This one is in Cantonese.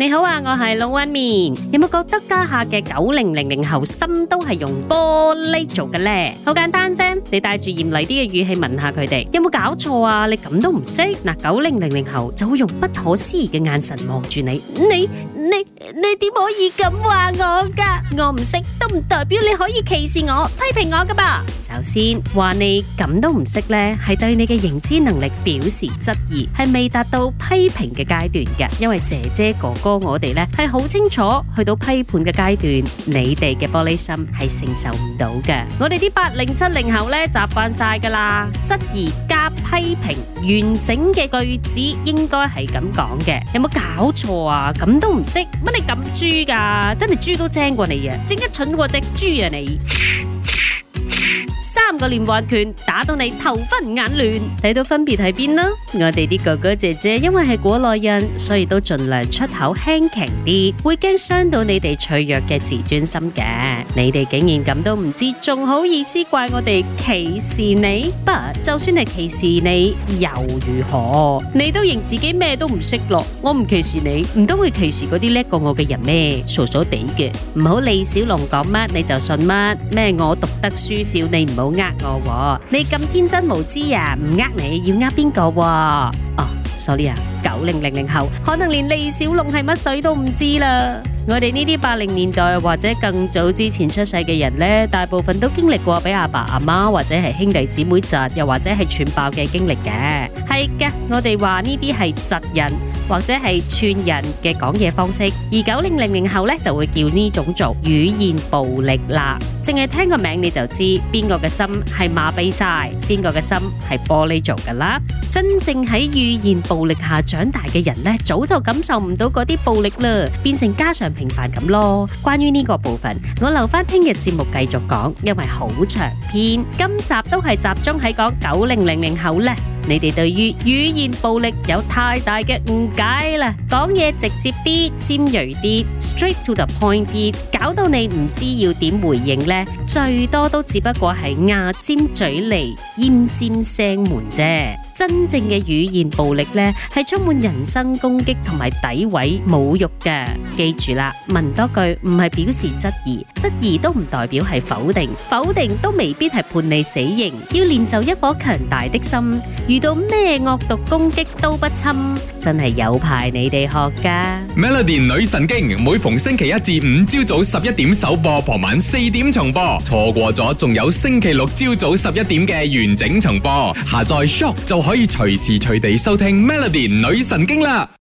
你好啊，我係龍紋敏。有冇覺得家下嘅九零、零零後心都係用玻璃做嘅呢？好簡單啫，你帶住嚴厲啲嘅語氣問下佢哋，有冇搞錯啊？你咁、啊、都唔識？嗱、啊，九零、零零後就會用不可思議嘅眼神望住你，你。你你你點可以咁話我噶？我唔識都唔代表你可以歧視我、批評我噶吧？首先話你咁都唔識呢，係對你嘅認知能力表示質疑，係未達到批評嘅階段嘅，因為姐姐哥哥。我哋咧係好清楚，去到批判嘅階段，你哋嘅玻璃心係承受唔到嘅。我哋啲八零、七零後咧習慣晒噶啦，質疑加批評，完整嘅句子應該係咁講嘅。有冇搞錯啊？咁都唔識，乜你咁豬噶？真係豬都精過你啊！正一蠢過隻豬啊！你。三個連環拳打到你頭昏眼亂，睇到分別喺邊啦。我哋啲哥哥姐姐因為係果內人，所以都盡量出口輕輕啲，會驚傷到你哋脆弱嘅自尊心嘅。你哋竟然咁都唔知，仲好意思怪我哋歧視你？不，就算係歧視你，又如何？你都認自己咩都唔識咯。我唔歧視你，唔都會歧視嗰啲叻過我嘅人咩？傻傻地嘅，唔好李小龍講乜你就信乜咩？我讀得書少，你唔好，呃我，你咁天真無知啊，唔呃你要呃邊個？哦，sorry 啊，九零零零後可能連李小龍係乜水都唔知啦。我哋呢啲八零年代或者更早之前出世嘅人呢，大部分都經歷過俾阿爸阿媽或者係兄弟姊妹窒，又或者係串爆嘅經歷嘅。係嘅，我哋話呢啲係窒人或者係串人嘅講嘢方式，而九零零零後呢，就會叫呢種做語言暴力啦。淨係聽個名你就知邊個嘅心係麻痺晒，邊個嘅心係玻璃做噶啦。真正喺語言暴力下長大嘅人咧，早就感受唔到嗰啲暴力啦，變成家常平凡咁咯。關於呢個部分，我留翻聽日節目繼續講，因為好長篇。今集都係集中喺講九零零零後咧。你哋對於語言暴力有太大嘅誤解啦，講嘢直接啲、尖鋭啲、straight to the point 啲，搞到你唔知要點回應呢？最多都只不過係牙尖嘴利、奄尖聲悶啫。真正嘅語言暴力呢，係充滿人身攻擊同埋詆毀、侮辱嘅。記住啦，問多句唔係表示質疑，質疑都唔代表係否定，否定都未必係判你死刑。要練就一顆強大的心，遇到咩惡毒攻擊都不侵，真係有排你哋學噶。Melody 女神經每逢星期一至五朝早十一點首播，傍晚四點重播，錯過咗仲有星期六朝早十一點嘅完整重播。下載 Shock 就可。可以隨時隨地收聽 Melody 女神經喇！